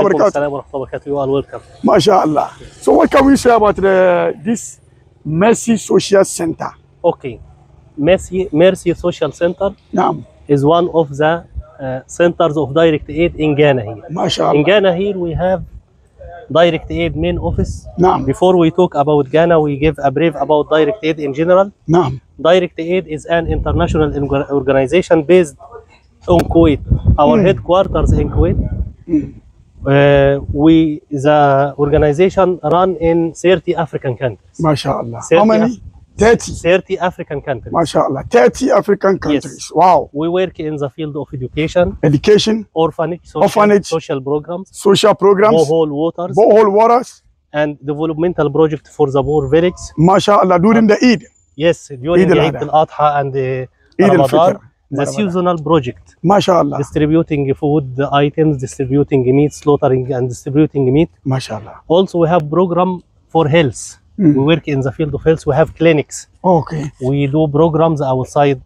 الله وبركاته السلام ورحمة الله وبركاته you are welcome ما so what can we say about this Mercy Social Center okay Mercy Social Center is one of the centers of direct aid in Ghana in Ghana here we have direct aid main office نعم before we talk about Ghana we give a brief about direct aid in general نعم direct aid is an international organization based in Kuwait our mm. headquarters in Kuwait mm. uh, we the organization run in 30 African countries. MashaAllah. How many? Af 30. 30 African countries. MashaAllah. 30 African countries. Yes. Wow. We work in the field of education. Education. Orphanage. Social, orphanage. Social programs. Social programs. Borehole waters. Borehole waters. And developmental project for the poor villages. MashaAllah. During the Eid. Yes, during Eid al-Adha and the uh, Eid al-Fitr the seasonal project. MashaAllah. Distributing food items, distributing meat, slaughtering and distributing meat. MashaAllah. Also, we have program for health. Mm. We work in the field of health. We have clinics. Okay. We do programs outside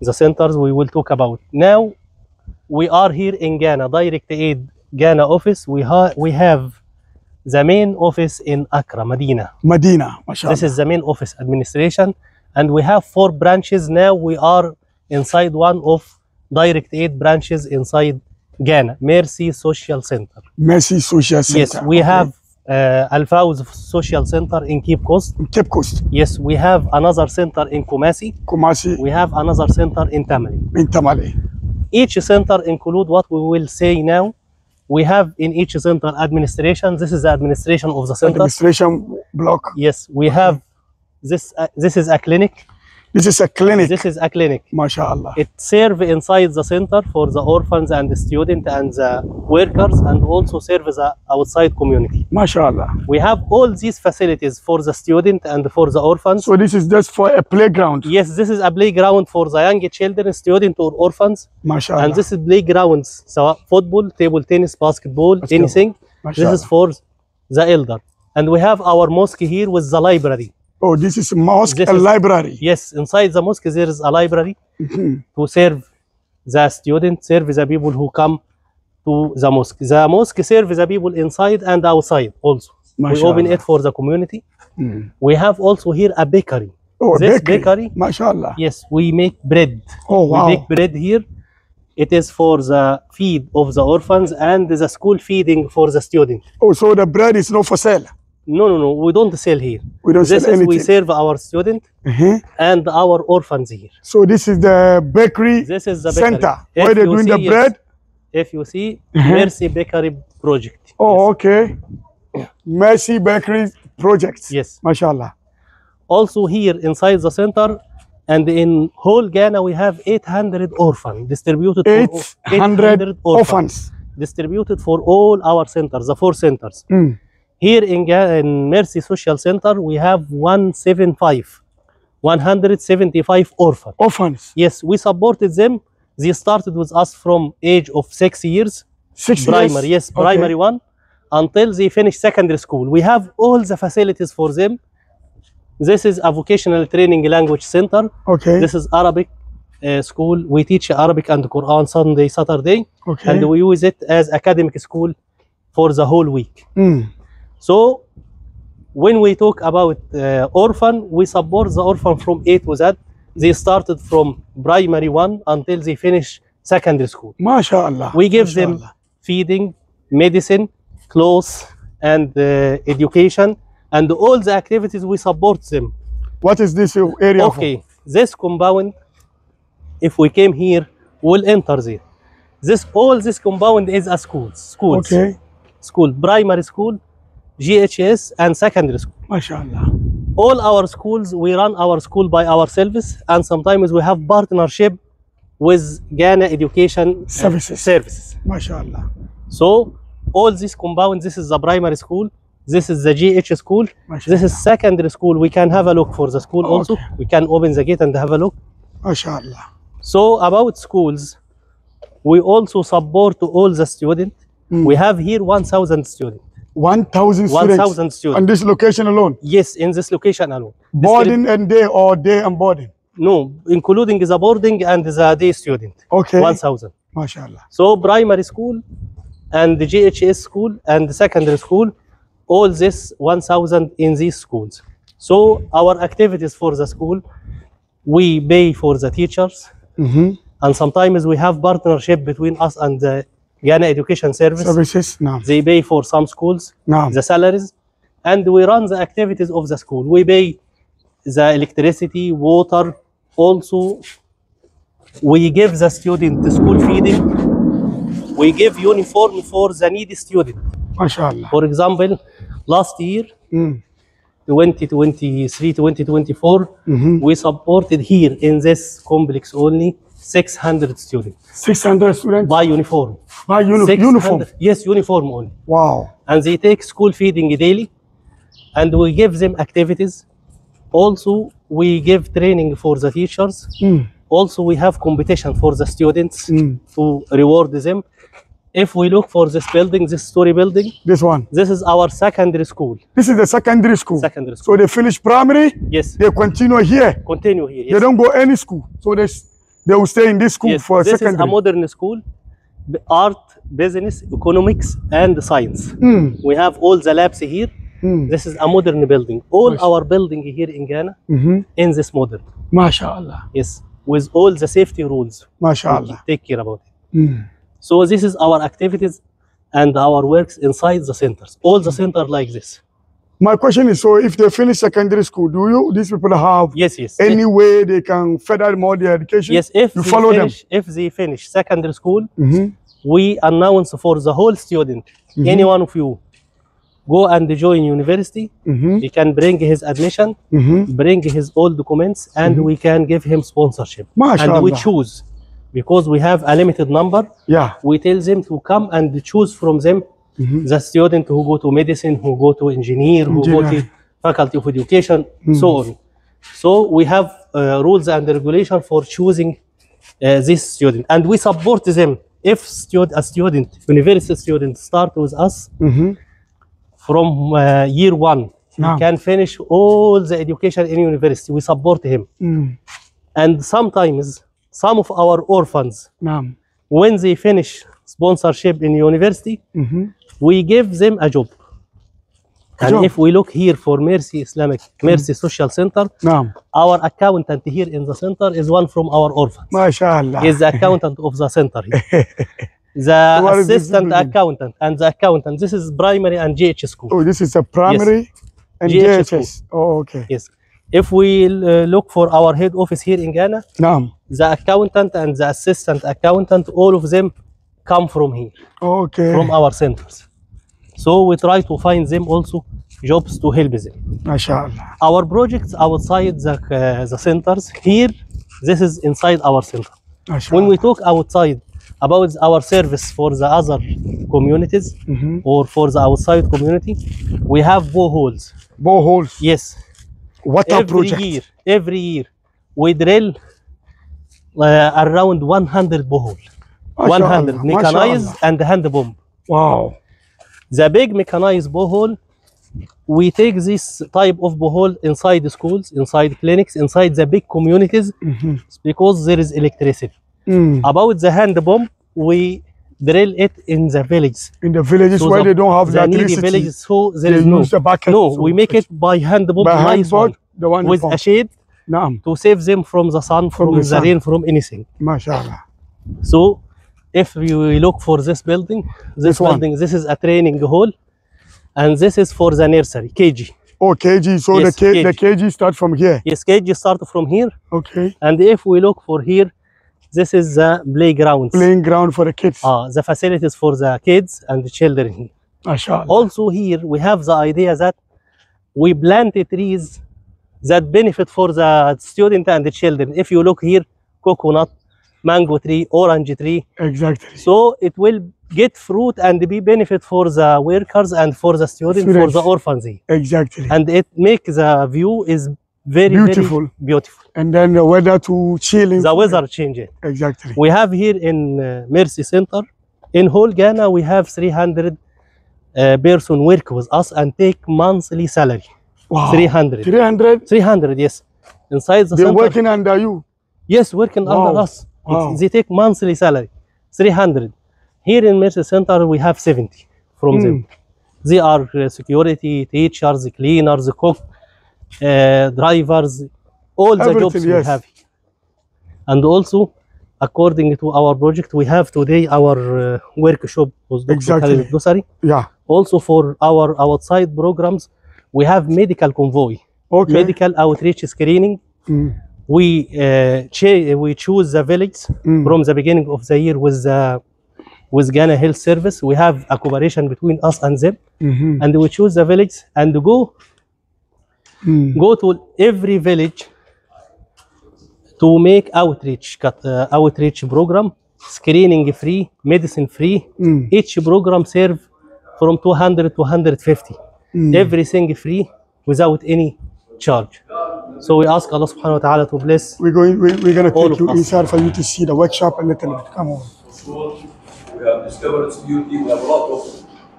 the centers we will talk about. Now, we are here in Ghana, Direct Aid Ghana office. We, ha we have the main office in Accra, Medina. Medina, mashallah. This is the main office administration. And we have four branches now. We are inside one of direct aid branches inside Ghana, Mercy Social Center. Mercy Social Center. Yes, we okay. have uh, Alfauz Social Center in Cape Coast. In Cape Coast. Yes, we have another center in Kumasi. Kumasi. We have another center in Tamale. In Tamale. Each center include what we will say now. We have in each center administration. This is the administration of the center. Administration block. Yes, we okay. have this. Uh, this is a clinic. This is a clinic. This is a clinic. MashaAllah. It serves inside the center for the orphans and the student and the workers and also serves the outside community. MashaAllah. We have all these facilities for the student and for the orphans. So this is just for a playground? Yes, this is a playground for the young children, student or orphans. MashaAllah. And this is playgrounds, so football, table tennis, basketball, Let's anything. This is for the elder. And we have our mosque here with the library. Oh, this is mosque this and is, library. Yes, inside the mosque there is a library mm-hmm. to serve the students, serve the people who come to the mosque. The mosque serves the people inside and outside also. Mashallah. We open it for the community. Mm. We have also here a bakery. Oh, this bakery. bakery. Mashallah. Yes, we make bread. Oh, wow. We make bread here. It is for the feed of the orphans and the school feeding for the students. Oh, so the bread is not for sale? No, no, no. We don't sell here. We don't this sell is, anything. We serve our student uh -huh. and our orphans here. So this is the bakery. This is the center if where they're doing see, the bread. Yes. If you see uh -huh. Mercy Bakery project. Oh, yes. okay. Mercy Bakery project. Yes. Mashallah. Also here inside the center and in whole Ghana we have 800 orphans distributed. 800, 800 orphans. orphans distributed for all our centers, the four centers. Mm here in, in Mercy Social Center, we have 175, 175 orphans. Orphans? Yes, we supported them. They started with us from age of six years. Six primary, years? yes, primary okay. one, until they finish secondary school. We have all the facilities for them. This is a vocational training language center. Okay. This is Arabic uh, school. We teach Arabic and Quran Sunday, Saturday. Okay. And we use it as academic school for the whole week. Mm. So when we talk about uh, orphan, we support the orphan from A to Z. They started from primary one until they finish secondary school. MashaAllah. We give them feeding, medicine, clothes, and uh, education, and all the activities we support them. What is this area Okay, for? this compound, if we came here, we'll enter there. This all this compound is a school, schools. Okay. School, primary school, GHS, and secondary school. MashaAllah. All our schools, we run our school by ourselves, and sometimes we have partnership with Ghana Education Services. Services. MashaAllah. So, all this compound, this is the primary school, this is the GH school, this is secondary school. We can have a look for the school okay. also. We can open the gate and have a look. MashaAllah. So, about schools, we also support all the students. Mm. We have here 1,000 students. 1,000 students. 1,000 students. In this location alone? Yes, in this location alone. Boarding and day or day and boarding? No, including the boarding and the day student. Okay. 1,000. MashaAllah. So primary school and the GHS school and the secondary school, all this 1,000 in these schools. So our activities for the school, we pay for the teachers. Mm -hmm. And sometimes we have partnership between us and the Ghana Education Service. Services, no. They pay for some schools, no. the salaries, and we run the activities of the school. We pay the electricity, water, also we give the student the school feeding. We give uniform for the needy student. MashaAllah. For example, last year, mm. 2023, 2024, mm -hmm. Mm-hmm. we supported here in this complex only 600 students. 600 students? By uniform. By uni uniform? Yes, uniform only. Wow. And they take school feeding daily and we give them activities. Also, we give training for the teachers. Mm. Also, we have competition for the students mm. to reward them. If we look for this building, this story building. This one. This is our secondary school. This is the secondary school. Secondary school. So they finish primary. Yes. They continue here. Continue here. Yes. They don't go any school. So they they will stay in this school yes, for this secondary. This is a modern school, art, business, economics, and science. Mm. We have all the labs here. Mm. This is a modern building. All Masha. our building here in Ghana mm -hmm. in this modern. MashaAllah. Yes, with all the safety rules. MashaAllah. Take care about it. Hmm. So this is our activities and our works inside the centers. All the hmm. center like this. My question is, so if they finish secondary school, do you, these people have yes, yes, any yes. way they can further more their education? Yes, if, you they, follow finish, them? if they finish secondary school, mm -hmm. we announce for the whole student, mm -hmm. any one of you, go and join university. Mm -hmm. He can bring his admission, mm-hmm. bring his all documents, and mm-hmm. we can give him sponsorship. Mashallah. And we choose, because we have a limited number, Yeah. we tell them to come and choose from them Mm-hmm. The student who go to medicine, who go to engineer, who engineer. go to faculty of education, mm-hmm. so on. So we have uh, rules and regulation for choosing uh, this student, and we support them. If stud- a student, university student, start with us mm-hmm. from uh, year one, no. he ah. can finish all the education in university. We support him, mm. and sometimes some of our orphans, no. when they finish sponsorship in university, mm-hmm. we give them a job. A and job. if we look here for Mercy Islamic, mm-hmm. Mercy mm-hmm. Social Center, no. our accountant here in the center is one from our orphans. MashaAllah. He's the accountant of the center the assistant accountant and the accountant. This is primary and GH school. Oh, this is a primary yes. and GH GHS. Oh, okay. Yes. If we uh, look for our head office here in Ghana, no. the accountant and the assistant accountant, all of them come from here. Okay. From our centers. So we try to find them also jobs to help them. Our projects outside the, uh, the centers, here, this is inside our center. When we talk outside about our service for the other communities mm -hmm. or for the outside community, we have boreholes. Boreholes? Yes. What every a project? Year, every year, we drill uh, around 100 boreholes one hand mechanized and hand pump. Wow. The big mechanized borehole, we take this type of borehole inside schools, inside clinics, inside the big communities mm -hmm. because there is electricity. Mm. About the hand pump, we drill it in the villages. In the villages so where the, they don't have the electricity. Villages, so there they is no. The bucket, no, so we make it by hand pump, by hand board, one, the one with a shade Naam. to save them from the sun, from, from the, sun. rain, from anything. MashaAllah. So if we look for this building this, this building one. this is a training hall and this is for the nursery kg oh kg so yes, the, K, kg. the kg start from here yes kg start from here okay and if we look for here this is the playground playing ground for the kids ah the facilities for the kids and the children Mashallah. also here we have the idea that we plant trees that benefit for the student and the children if you look here coconut mango tree, orange tree. Exactly. So it will get fruit and be benefit for the workers and for the students, students. for the orphans. Exactly. And it makes the view is very beautiful. Very beautiful. And then the weather to chilling. The weather changes. Exactly. We have here in uh, Mercy Center, in whole Ghana, we have 300 uh, person work with us and take monthly salary. Wow. 300. 300? 300, yes. Inside the They're center. working under you? Yes, working wow. under us. Wow. They take monthly salary, 300. Here in Mercy Center, we have 70 from mm. them. Hmm. They are uh, security, teachers, cleaners, cook, uh, drivers, all the jobs yes. we have. And also, according to our project, we have today our uh, workshop Exactly. Khalid Yeah. Also for our outside programs, we have medical convoy, okay. medical outreach screening, mm we uh, we choose the village mm. from the beginning of the year with the uh, with Ghana Health Service. We have a cooperation between us and them, mm -hmm. and we choose the village and go mm. go to every village to make outreach uh, outreach program, screening free, medicine free. Mm. Each program serve from 200 to 150, mm. everything free without any charge. So we ask Allah subhanahu wa ta'ala to bless. We're going, we're, going to take you inside for you to see the workshop a little bit. Come on. Sure. We have discovered its beauty. We have a lot of,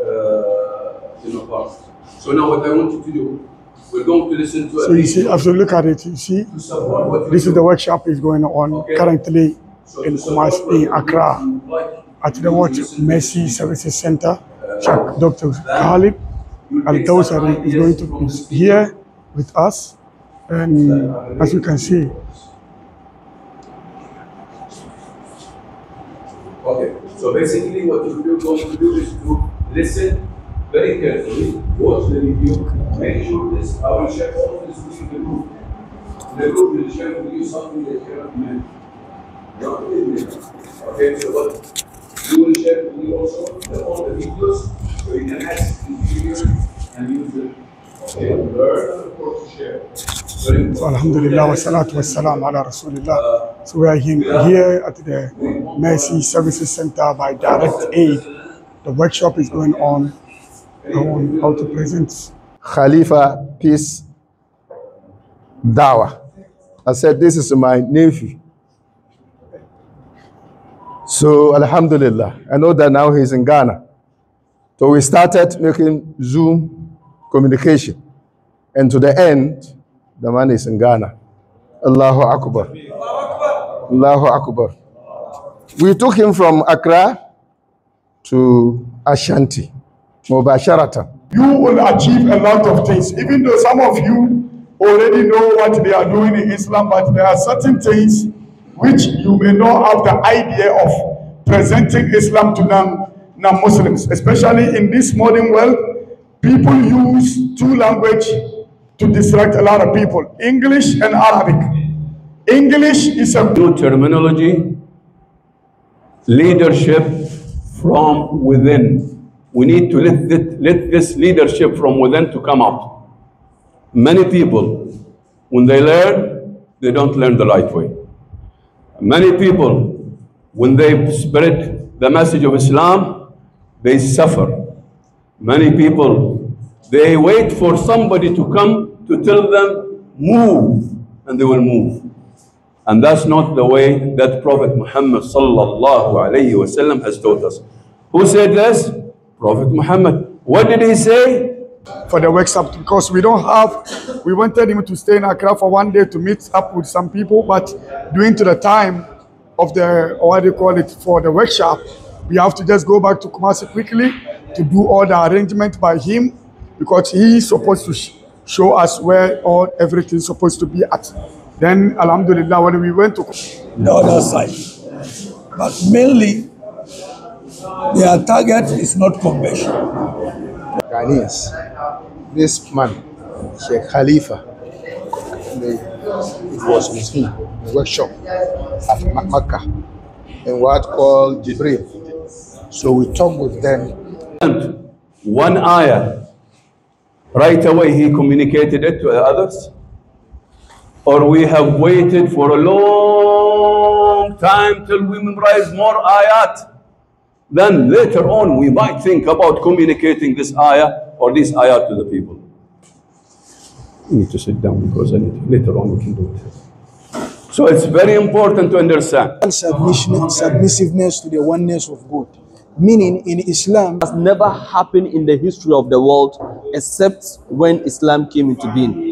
uh, you know, parts. So now what I want you to do, we're going to listen to So you see, have to look at it, you see, this is the workshop is going on okay. currently so in Kumasi, in Accra, at the Watch Mercy Services Center. Uh, Dr. Khalid al are is going to be here with us and as you can see okay so basically what you do want to do is to listen very carefully watch the review make sure this our chef always leave the room the group. the chef will do something that you cannot manage not in there okay so what you will share with me also the, all the videos so you can ask the and use them okay learn and of course share so Alhamdulillah, wassalatu wassalam ala Rasulullah. So we are here at the Mercy Services Center by Direct Aid. The workshop is going on on how to present Khalifa Peace Dawa. I said, this is my nephew. So Alhamdulillah, I know that now he's in Ghana. So we started making Zoom communication. And to the end, da ma ne sun gana Allahu Akbar Allahu Akbar we took him from Accra to Ashanti Mubasharatan you will achieve a lot of things even though some of you already know what they are doing in Islam but there are certain things which you may not have the idea of presenting Islam to non-Muslims especially in this modern world people use two language to distract a lot of people. English and Arabic. English is a new terminology, leadership from within. We need to let this, let this leadership from within to come out. Many people, when they learn, they don't learn the right way. Many people, when they spread the message of Islam, they suffer. Many people, they wait for somebody to come to tell them, move, and they will move. And that's not the way that Prophet Muhammad sallallahu alayhi wasallam has taught us. Who said this? Prophet Muhammad. What did he say? For the workshop, because we don't have, we wanted him to stay in Accra for one day to meet up with some people, but due to the time of the, or what do you call it, for the workshop, we have to just go back to Kumasi quickly to do all the arrangement by him because he is supposed to show us where all everything's supposed to be at. Then, alhamdulillah, when we went to the other side, but mainly their target is not conversion. Ghanaians, this man, Sheikh Khalifa, it was with him, the workshop at Makkah, in what called Jibril. So we talked with them. And one ayah right away he communicated it to others? Or we have waited for a long time till we memorize more ayat. Then later on we might think about communicating this ayah or this ayat to the people. We need to sit down because I need to, later on we can do it. So it's very important to understand. Submission, submissiveness to the oneness of God meaning in Islam has never happened in the history of the world except when Islam came into being.